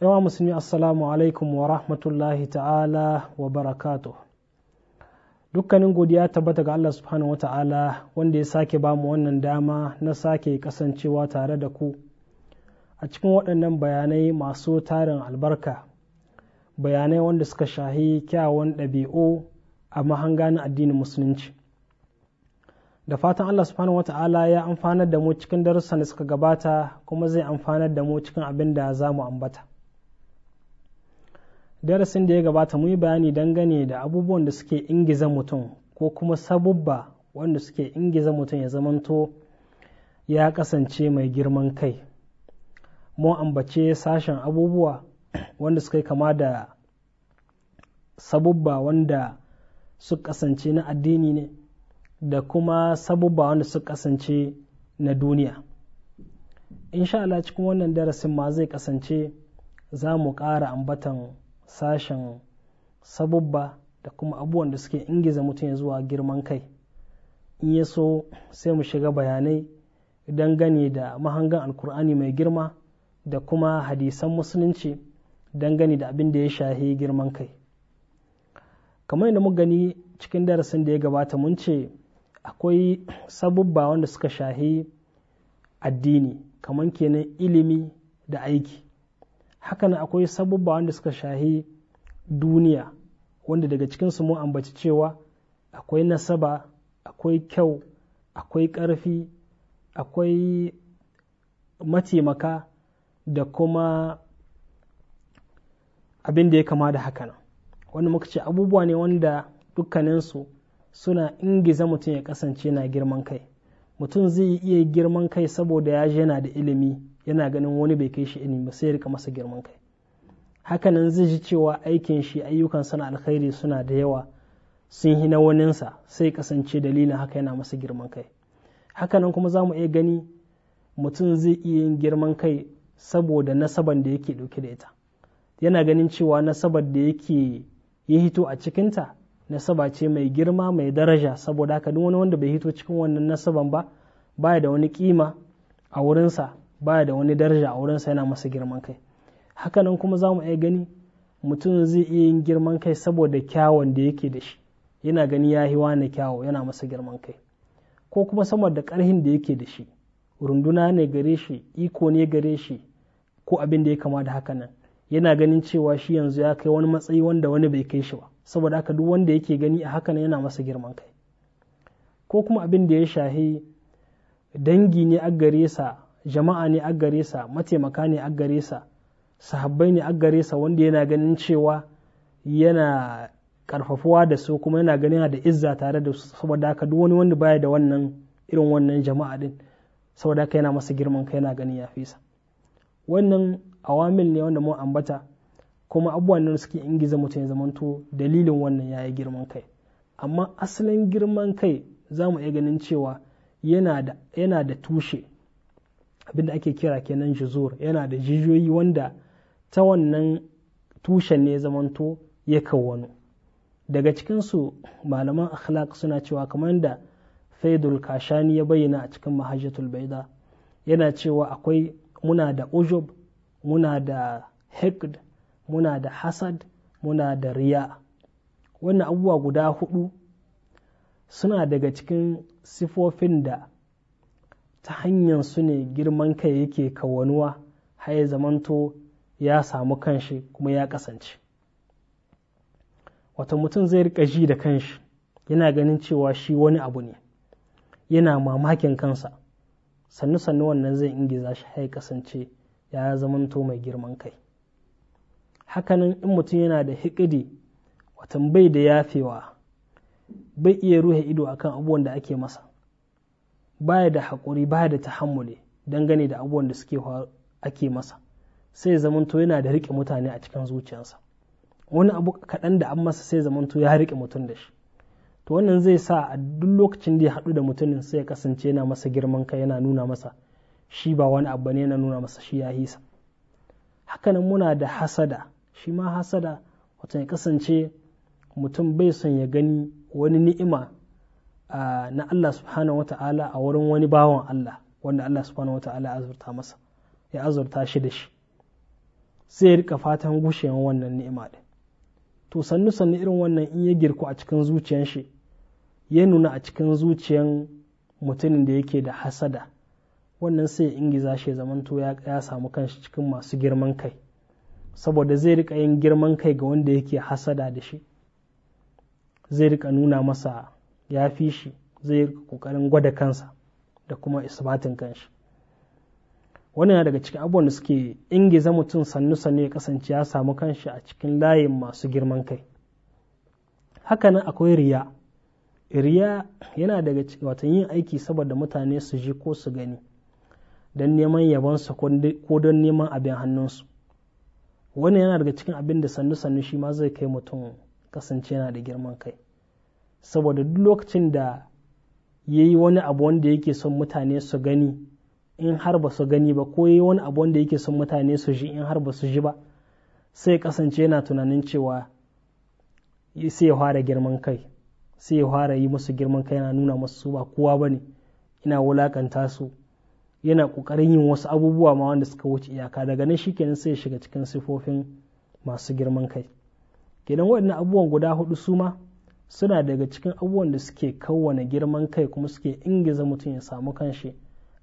yawa musulmi assalamu alaikum wa rahmatullahi ta'ala wa barakato. dukkanin godiya tabbata ga Allah subhanahu wa ta'ala wanda ya sake ba mu wannan dama na sake kasancewa tare da ku a cikin waɗannan bayanai masu tarin albarka bayanai wanda suka shahi kyawun ɗabi'u a mahanga na addinin musulunci da fatan Allah subhanahu ta'ala ya amfanar da mu cikin darussan da suka gabata kuma zai amfanar da mu cikin abin da za mu ambata darasin da ya gabata mu yi bayani dangane da abubuwan da suke ingiza mutum ko kuma sabubba wanda suke ingiza mutum ya zamanto ya kasance mai girman kai mu ambace sashen abubuwa wanda suka kama da sabubba wanda su kasance na addini ne da kuma sabubba wanda su kasance na duniya insha Allah cikin wannan darasin ma zai kasance za mu ƙara ambatan sashen sabubba da kuma abubuwan da suke ingiza mutum ya zuwa girman kai in ya so sai mu shiga bayanai dangane da mahangan alkur'ani mai girma da kuma hadisan musulunci dangane da abin da ya shahi girman kai kamar yadda muka gani cikin darasin da ya gabata mun ce akwai sabubba wanda suka shahi addini kamar kenan ilimi da aiki hakan akwai sabubba wanda suka shahi duniya wanda daga cikinsu mu ambaci cewa akwai nasaba akwai kyau akwai ƙarfi akwai mataimaka da kuma abin da ya kama da hakan wanda muka ce abubuwa ne wanda dukkaninsu suna ingiza mutum ya kasance na girman kai mutum zai iya girman kai saboda ya je yana da ilimi yana ganin wani bai kai shi ilimi ba sai rika masa girman kai hakanan zai ji cewa aikin shi ayyukan sana alkhairi suna da yawa sun hina waninsa sai kasance dalilin haka yana masa girman kai hakanan kuma zamu iya gani mutum zai iya yin girman kai saboda nasaban da yake dauke da ita yana ganin cewa nasabar da yake ya hito a cikinta nasaba ce mai girma mai daraja saboda haka duk wani wanda bai hito cikin wannan nasaban ba baya da wani kima a wurinsa ba da wani daraja a wurinsa yana masa girman kai hakanan kuma za mu iya gani mutum zai iya yin girman kai saboda kyawun da yake da shi yana gani ya yi wani kyawu yana masa girman kai ko kuma da karhin da yake da shi runduna ne gare shi iko ne gare shi ko abin da ya kama da hakanan yana ganin cewa shi yanzu ya kai wani matsayi wanda wani bai kai shi ba saboda haka duk wanda yake gani a hakan yana masa girman kai ko kuma abin da ya shahi dangi ne a gare sa jama'a ne a gare sa mataimaka ne a gare sa sahabbai ne a gare sa wanda yana ganin cewa yana karfafuwa da su kuma yana ganin da izza tare da su saboda haka duk wani wanda baya da wannan irin wannan jama'a din saboda haka yana masa girman kai yana ganin ya fisa wannan awamil ne wanda mu ambata kuma abubuwan nan suke ingiza mutum ya zamanto dalilin wannan yayi girman kai amma asalin girman kai za mu iya ganin cewa yana da tushe abinda ake kira kenan juzur yana da jijiyoyi wanda ta wannan tushen ne zamanto ya kawano daga cikinsu malaman akhlaq suna cewa kamar da faidul kashani ya bayyana a cikin mahajjatul baida yana cewa akwai muna da ujub muna da hikd muna da hasad muna da riya wannan abubuwa guda hudu suna daga cikin sifofin da ta hanyar su ne girman kai yake kawanuwa har ya zamanto ya samu kanshi kuma ya kasance wata mutum zai rika ji da kanshi yana ganin cewa shi wani abu ne yana mamakin kansa sannu sannu wannan zai ingiza shi ya kasance ya zamanto mai girman kai hakanan in mutum yana da hikidi watan bai da yafewa bai iya ruhe ido akan abubuwan da ake masa baya da haƙuri baya da tahammuli dangane da abubuwan da suke ake masa sai zamanto yana da riƙe mutane a cikin zuciyarsa wani abu kaɗan da an masa sai zamanto ya riƙe mutum da shi to wannan zai sa a duk lokacin da ya haɗu da mutumin sai ya kasance yana masa girman kai yana nuna masa shi ba wani abu ne yana nuna masa shi ya hisa hakanan muna da hasada shi ma hasada wato ya kasance mutum bai son ya gani wani ni'ima na Allah subhanahu wata'ala a wurin wani bawan Allah wanda Allah subhanahu wata'ala ya azurta masa ya azurta shi da shi sai ya rika fatan gushewa wannan ni'ima din to sannu sannu irin wannan in ya girku a cikin zuciyan shi ya nuna a cikin zuciyan mutumin da yake da hasada wannan sai ingiza shi zamanto ya samu kanshi cikin masu girman kai saboda zai rika yin girman kai ga wanda yake hasada da shi zai rika nuna masa ya fi shi zai kokarin gwada kansa da kuma isbatin kanshi wannan daga cikin abubuwan da suke ingiza mutum sannu-sannu ya kasance ya samu kanshi a cikin layin masu girman kai hakanan akwai riya riya yana daga cikin watan yin aiki saboda mutane su ji ko su gani don neman yabonsu ko don neman abin hannunsu wannan yana daga cikin abin da sannu-sannu shi ma zai kai mutum kasance yana da girman kai saboda duk lokacin da ya yi wani abu wanda yake son mutane su gani in har ba su gani ba ko ya yi wani abu wanda yake son mutane su ji in har ba su ji ba sai kasance yana tunanin cewa sai ya fara girman kai sai ya fara yi musu girman kai yana nuna musu ba kowa ba ne ina wulakanta su yana ƙoƙarin yin wasu abubuwa ma wanda suka wuce iyaka daga nan shi shikenan sai ya shiga cikin sifofin masu girman kai kenan waɗannan abubuwan guda hudu su ma suna daga cikin abubuwan da suke kawwane girman kai kuma suke ingiza mutum ya samu kanshi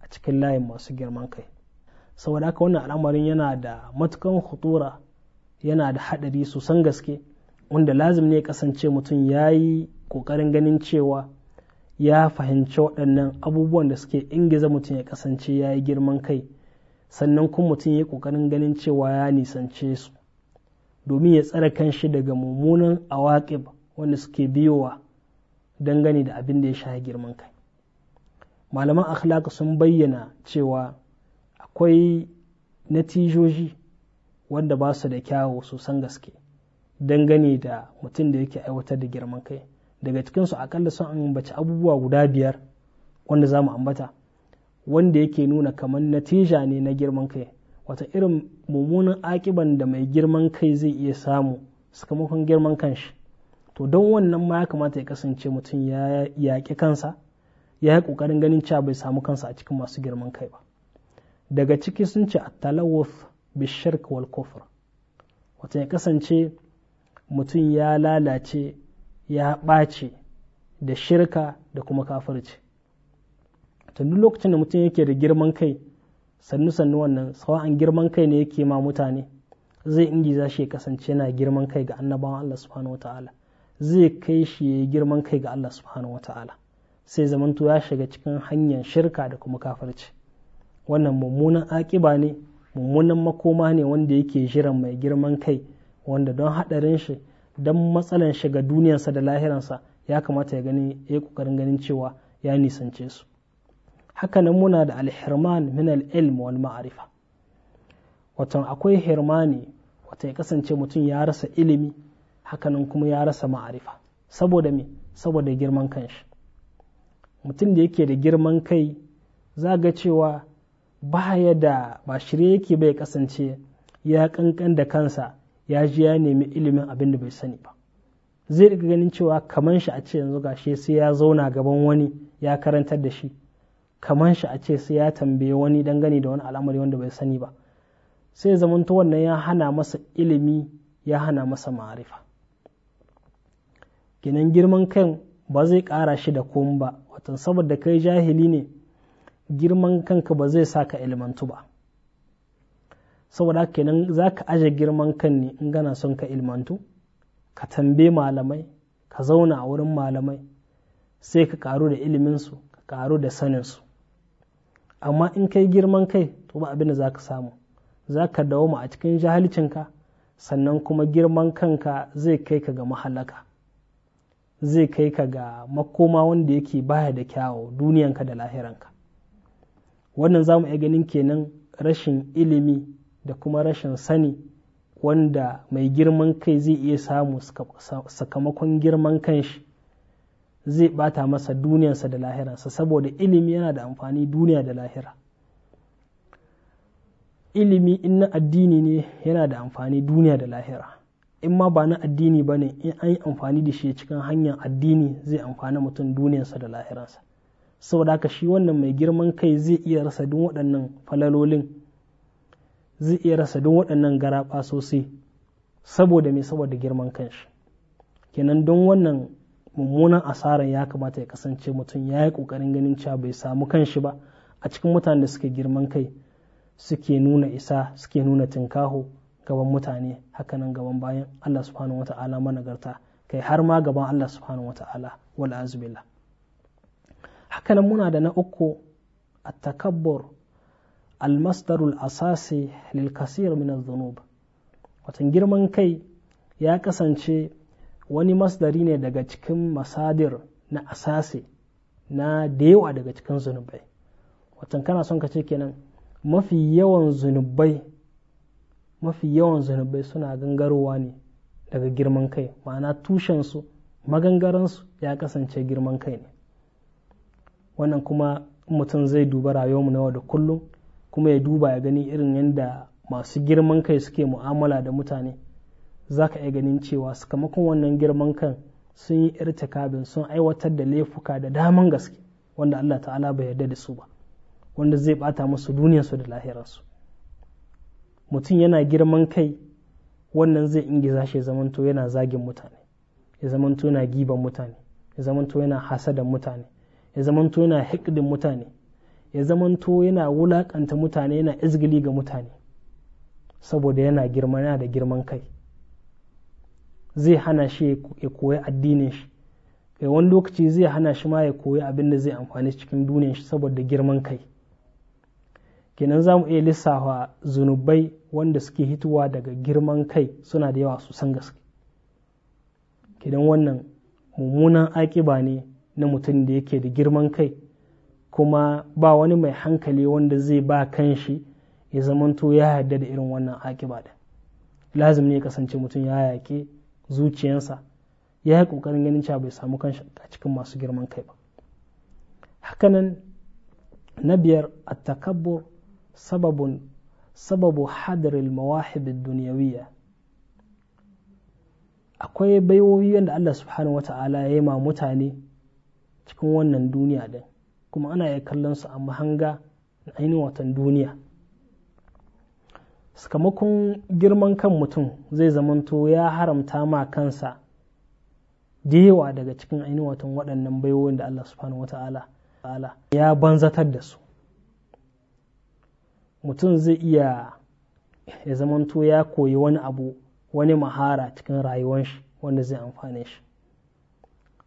a cikin layin masu girman kai saboda haka wannan al'amarin yana da matukan hutura yana da haɗari sosan gaske wanda lazim ne kasance mutum ya yi ƙoƙarin ganin cewa ya fahimci waɗannan abubuwan da suke ingiza mutum ya kasance ya yi girman kai sannan kuma mutum ya yi ƙoƙarin ganin cewa ya nisance su domin ya tsare kanshi daga mummunan awaƙib wanda suke biyowa dangane da abin da ya shahi girman kai malaman akhlaq sun bayyana cewa akwai natijoji wanda ba su da kyawu sosan gaske dangane da mutum da yake aiwatar da girman kai daga cikinsu akalla sun ambaci abubuwa guda biyar wanda za mu ambata wanda yake nuna kamar natija ne na girman kai wata irin mummunan akiban da mai girman kai zai iya samu sakamakon girman kanshi to don wannan ma ya kamata ya kasance mutum ya yaƙi kansa ya yi ƙoƙarin ganin cewa bai samu kansa a cikin masu girman kai ba daga ciki sun ce a talawuf bishirk wal kofar wata ya kasance mutum ya lalace ya ɓace da shirka da kuma kafirci Ta duk lokacin da mutum yake da girman kai sannu sannu wannan sawa'an girman kai ne yake ma mutane zai ingiza shi ya kasance yana girman kai ga annabawan Allah subhanahu wataala zai kai shi ya yi girman kai ga Allah subhanahu wata'ala sai zamantu ya shiga cikin hanyar shirka da kuma kafarci. wannan mummunan akiba ne mummunan makoma ne wanda yake jiran mai girman kai wanda don haɗarin shi don matsalan shiga duniyarsa da lahiransa ya kamata ya gani ya yi ƙoƙarin ganin cewa ya nisance su hakanan muna da alhirman min al-ilm wal ma'arifa watan akwai hirmani wata ya kasance mutum ya rasa ilimi hakanan kuma ya rasa ma'arifa saboda me saboda girman kanshi mutum da yake da girman kai za ga cewa baya da ba shirye yake bai kasance ya kankan da kansa ya ji ya nemi ilimin abin da bai sani ba zai rika ganin cewa kaman shi a ce yanzu gashi sai ya zauna gaban wani ya karantar da shi kaman shi a ce sai ya tambaye wani dangane da wani al'amari wanda bai sani ba sai zamanto wannan ya hana masa ilimi ya hana masa ma'arifa kenan girman kan ba zai ƙara shi da komai ba watan saboda kai jahili ne girman kanka ba zai sa ka ilmantu ba saboda kenan za ka aje girman kan ne in gana son ka ilmantu ka tambe malamai ka zauna a wurin malamai sai ka karu da iliminsu ka karu da saninsu amma in kai girman kai to ba abin da za ka samu za ka dawoma a cikin jahilcinka sannan kuma girman kanka zai kai ka ga mahalaka zai kai ka ga makoma wanda yake baya da kyawo duniyanka da lahiranka wannan za mu iya ganin kenan rashin ilimi da kuma rashin sani wanda mai girman kai zai iya samu sakamakon girman kanshi zai bata masa duniyarsa da lahiransa saboda ilimi yana da amfani duniya da lahira ilimi in na addini ne yana da amfani duniya da lahira in ma ba na addini ba ne in an yi amfani da shi cikin hanyar addini zai amfani mutum duniyarsa da lahiransa saboda haka shi wannan mai girman kai zai iya rasa duk waɗannan falalolin zai iya rasa duk waɗannan garaɓa sosai saboda mai saboda girman kan shi. kenan don wannan mummunan asarar ya kamata ya kasance mutum ya yi ƙoƙarin ganin cewa bai samu kan shi ba a cikin mutanen da suke girman kai suke nuna isa suke nuna tinkaho gaban mutane hakanan gaban bayan Allah subhanahu wa ta'ala managarta kai har ma gaban Allah subhanahu wa ta'ala wal azbillah hakanan muna da na uku at-takabbur al-masdar al-asasi lil kaseer min al dhunub watan girman kai ya kasance wani masdari ne daga cikin masadir na asasi na da yawa daga cikin zunubai watan kana son ka ce kenan mafi yawan zunubai mafi yawan zunubai suna gangarowa ne daga girman kai ma'ana tushensu magangaransu ya kasance girman kai ne wannan kuma mutum zai duba rayuwarmu na yau da kullum kuma ya duba ya gani irin yadda masu girman kai suke mu'amala da mutane za ka iya ganin cewa sakamakon wannan girman kan sun yi irtikabin sun aiwatar da laifuka da daman gaske wanda Allah ta'ala bai yarda da su ba wanda zai bata musu duniyarsu da lahirarsu mutum yana girman kai wannan zai ingiza shi ya zamanto yana zagin mutane ya zamanto yana giban mutane ya zamanto yana hasadan mutane ya zamanto yana hikdin mutane ya zamanto yana wulakanta mutane yana izgili ga mutane saboda yana girma da girman kai zai hana shi ya koyi addinin shi kai wani lokaci zai hana shi ma ya koyi abin da zai amfani cikin duniyar shi saboda girman kai kenan za mu iya lissafa zunubai wanda suke hituwa daga girman kai suna da yawa sosan gaske kenan wannan mummunan aƙiba ne na mutum da yake da girman kai kuma ba wani mai hankali wanda zai ba kanshi ya zamanto ya yarda da irin wannan akiba da lazim ne kasance mutum ya yaƙi zuciyansa ya yi ƙoƙarin ganin cewa bai samu kanshi a cikin masu girman kai ba hakanan na biyar a takabbur sababun sababu hadaril mawahib duniyawiyya akwai baiwoyi wanda Allah subhanahu ta'ala ya yi ma mutane cikin wannan duniya din kuma ana iya kallon su a mahanga na ainihin watan duniya sakamakon girman kan mutum zai zamanto ya haramta ma kansa yawa daga cikin ainihin watan waɗannan baiwoyin da Allah subhanahu ta'ala. ya banzatar da su mutum zai iya ya zamanto ya koyi wani abu wani mahara cikin rayuwar shi wanda zai amfane shi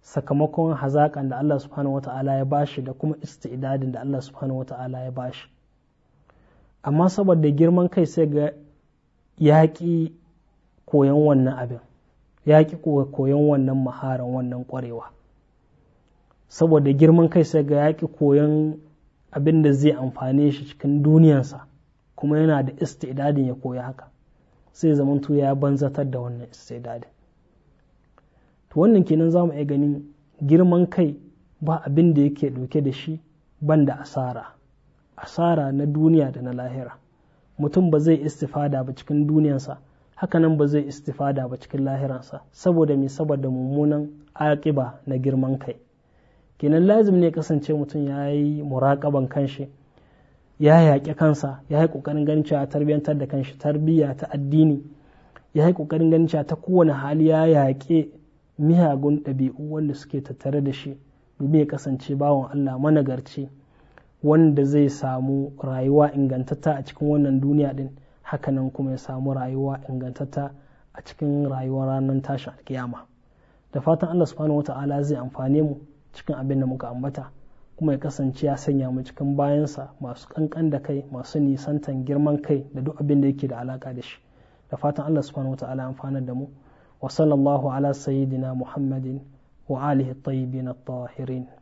sakamakon hazaƙan da Allah subhanahu wata'ala ya bashi da kuma istidadin da Allah subhanahu wata'ala ya bashi amma saboda girman kai sai ga yaƙi koyon wannan abin yaƙi koyon wannan maharan wannan ƙwarewa saboda girman kai sai ga yaƙi koyon abin da zai amfane shi cikin duniyansa kuma yana da istidadin ya koya haka sai zamanto ya banzatar da wannan istidadin to wannan kenan za mu iya ganin girman kai ba abin da yake ɗauke da shi ban da asara asara na duniya da na lahira mutum ba zai istifada ba cikin duniyansa hakanan ba zai istifada ba cikin lahiransa saboda mai saboda mummunan aƙiba na girman kai kenan lazim ne kasance mutum ya yi muraƙaban kanshi ya yaƙi kansa ya yi ƙoƙarin ganin cewa tarbiyyantar da kanshi tarbiyya ta addini ya yi ƙoƙarin ganin cewa ta kowane hali ya yaƙe miyagun ɗabi'u wanda suke tattare da shi domin ya kasance bawan Allah managarci wanda zai samu rayuwa ingantatta a cikin wannan duniya ɗin hakanan kuma ya samu rayuwa ingantatta a cikin rayuwar ranar tashin alkiyama da fatan Allah subhanahu wata'ala zai amfane mu cikin abin da muka ambata kuma ya kasance ya sanya mu cikin bayansa masu kankan da kai masu nisantan girman kai da duk abin da yake da alaka da shi da fatan Allah subhanahu wataala amfanar da mu wa sallallahu ala sayyidina muhammadin wa alihi tayyibin at-tahirin